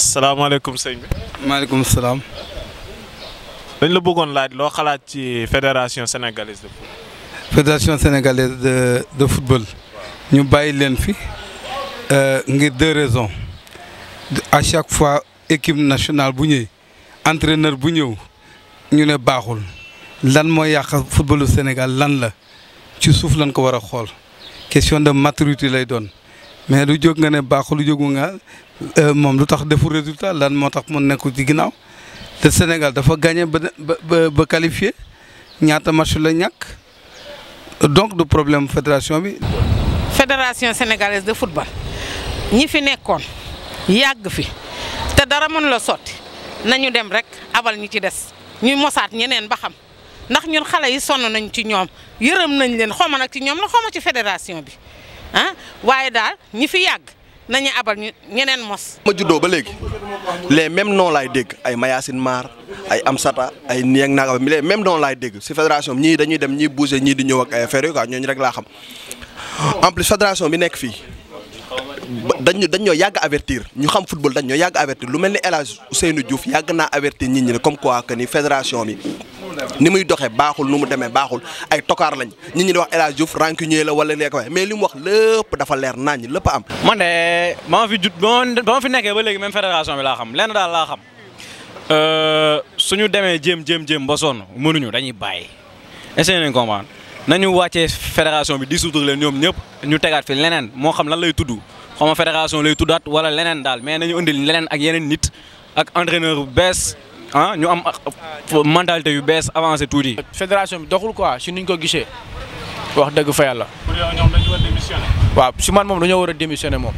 salaamaaleykum sëñ bi. maaleykum salaam. dañ la bëggoon laaj loo xalaat ci fédération sénégalaise de football. de de ñu bàyyi leen fi euh, ngir deux raisons à chaque fois équipe nationale bu ñëw entraîneur bu ñëw ñu ne baaxul lan mooy yàq footballu Sénégal lan la ci suuf lañ ko war a xool question de maturité lay doon. mais lu jóg nga ne baaxul lu jógu nga euh, moom lu tax defu résultat lan moo tax mu nekkul ci ginnaaw te Sénégal dafa gagné ba ba ba qualifié ñaata match la ñàkk donc du problème fédération bi. fédération sénégalaise de football ñi fi nekkoon yàgg fi te dara mën la sotti nañu dem rek abal ñi ci des ñuy mosaat ñeneen ba xam ndax ñun xale yi sonn nañ ci ñoom yërëm nañ leen xaw ma nag ci ñoom la xaw ci fédération bi. ah waaye daal ñi fi yàgg nañu abal ñu ñeneen mos. ma juddoo ba léegi les mêmes noms laay dégg ay Mayacine Mar ay Amsata ay nii ak naka les mêmes noms laay dégg si fédération ñii dañuy dem ñii bouger ñii di ñëw ak ay affaire yi quoi ñooñu rek laa xam en plus fédération bi nekk fii. dañ dañ ñoo yàgg avertir ñu xam football dañ ñoo yàgg avertir lu mel ni El Hadj Ousseynou Diouf yàgg naa avertir nit ñi ne comme quoi que ni fédération mi ni muy doxee baaxul nu mu demee baaxul ay tokaar lañ nit ñi wax El Hadj Diouf rancunier la wala lee ko mais li mu wax lépp dafa leer naañ lépp am. man de ba ma fi jut ba fi nekkee ba léegi même fédération bi laa xam lenn daal laa xam euh, suñu demee jéem jéem jéem ba sonn mënuñu dañuy bàyyi essayé nañ comprendre nañu wàccee fédération bi di sutur leen ñoom ñëpp ñu tegaat fi leneen moo xam lan lay tudd xaw ma fédération lay tuddaat wala leneen daal mais nañu ak yeneen nit ah ñu am ah, euh, mentalité yu bees avancer tuuti. fédération bi doxul quoi si nuñ ko gisee wax dëgg fa yàlla. waaw si man moom dañoo war a démissionné moom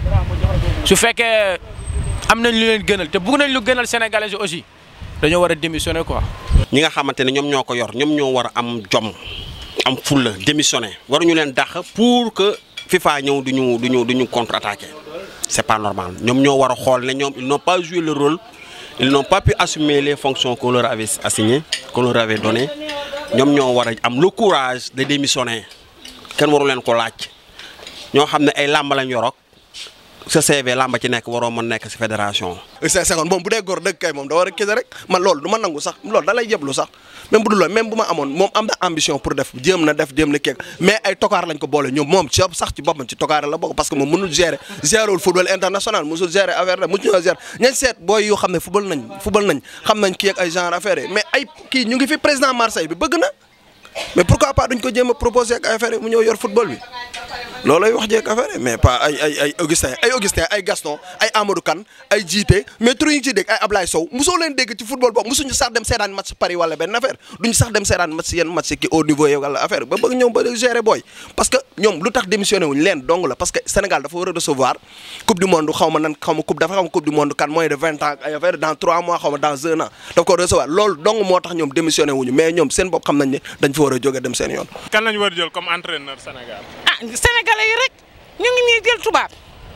su fekkee am nañ lu leen gënal te bugg nañ lu gënal sénégalais aussi dañoo war a démissionné quoi. ñi nga xamante ne ñoom ñoo ko yor ñoom ñoo war a am jom am fulla démissionné waruñu leen dàq pour que FIFA ñëw duñu duñu duñu contre attaqué c'est pas normal ñoom ñoo war a xool ne ñoom ils n'ont pas joué le role ils n'ont pas pu assumer les fonctions qu'on leur avait assignées qu'on leur avait données ñoom ñoo war a am le courage de démissionner kenn waru leen ko laaj ñoo xam ne ay làmb lañ yorook sa CV làmb ci nekk waroo ma nekk si fédération. c' est bon bu dee góor dëgg kay moom da war a kese rek man loolu du ma nangu sax loolu da lay jëblu sax. même bu dul loolu même bu ma amoon moom am na ambition pour def jéem na def jéem na keek mais ay tokaar lañ ko boole ñoom moom ci sax ci boppam ci tokaar la bokk parce que moom mënul gérer gérewul football international mosul gérer affaire la mosu ñoo gérer ñañ seet booy yoo xam ne football nañ football nañ xam nañ kii ak ay genre affaire yi ay kii ñu ngi fi président Marseille bi bëgg na mais pourquoi pas duñ ko jéem a proposé ak affaire yi mu ñëw yor football loolay wax jeeg affaire mais pas ay ay ay Augustin ay Augustin ay Gaston ay Amadou Kane ay Jiite mais tur yi ñu ciy dégg ay Ablaye Sow leen dégg ci football boobu mosuñu sax dem seetaan match Paris wala benn affaire duñu sax dem seetaan match ki au niveau wala affaire ba bëgg ñoom ba gérer booy. parce que ñoom lu tax démissionné wuñ leen dong la parce que Sénégal dafa war a recevoir coupe du monde xaw ma nan xaw coupe dafa xaw coupe du monde moo tax ñoom démissionné wuñu mais ñoom seen bopp xam nañ ne dañ fa war yoon. kan lañ war sénégalais yi rek ñu ngi nii jël tubaab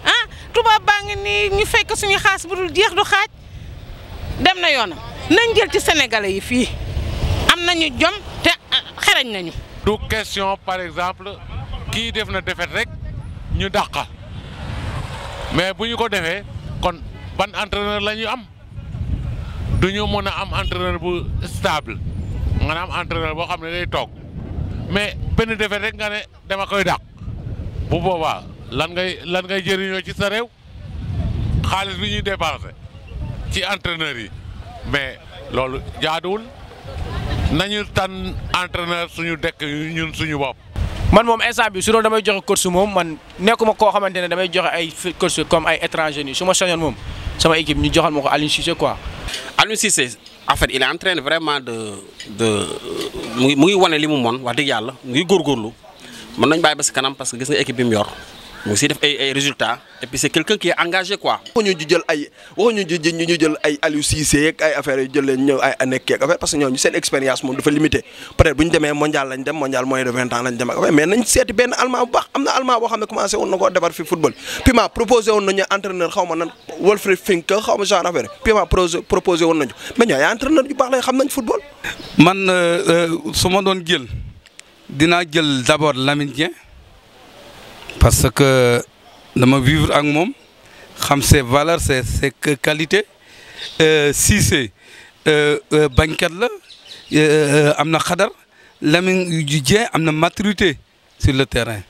ah tubaab baa ngi nii ñu fekk suñu xaas bu dul jeex du xaaj dem na yoonam nañ jël ci sénégalais yi fii am nañu jom te ah, xereñ nañu. du question par exemple kii def na defet rek ñu dàqa mais bu ñu ko defee kon ban entraîneur la ñu am du ñu mën a am entraîneur bu stable maanaam entraîneur boo xam ne day toog mais benn defet rek nga ne dama koy dàq bu boobaa lan ngay lan ngay jëriñoo ci sa réew xaalis bi ñuy dépensé ci entraîneurs yi mais loolu jaaduwul nañu tan entraîneur suñu dëkk ñun suñu bopp. man moom instant bi su doon damay joxe coach moom man nekkuma koo xamante ne damay joxe ay coach comme ay étranger nii suma ma moom sama équipe ñu joxal ma ko Aliou Cissé quoi. Aliou Cissé en fait il est en train vraiment de de mu ngi wane li mu mën wax dëgg yàlla mu ngi góorgóorlu. mën nañ bàyyi ba kanam parce que gis nga équipe bi mu yor mu ngi def ay ay résultats puis c'est quelqu'un qui est engagé quoi. waxuñu ñu jël ay waxuñu ñu jël ay Aliou Cissé yeeg ay affaires yu jël leen ñëw ay nekk yeeg affaire parce que ñooñu seen expérience moom dafa limité peut être bu demee mondial lañ dem mondial moins de vingt lañ dem ak affaire mais nañ seeti benn allemand bu am na allemand boo xam ne commencé woon na koo defar fi football. Pima proposé woon nañu entraîneur xaw ma nan Wolfried Finke xaw ma genre dinaa jël d'abord Lamine Dieng parce que dama vivre ak moom xam ses valeurs ses ses qualités euh, Cissé euh, euh, bañkat la am na xadar Lamine Dieng am na maturité sur le terrain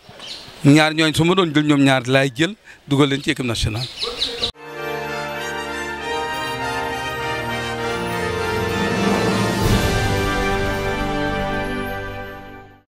ñaar ñooñ su ma doon jël ñoom ñaar laay jël dugal leen ci équipe nationale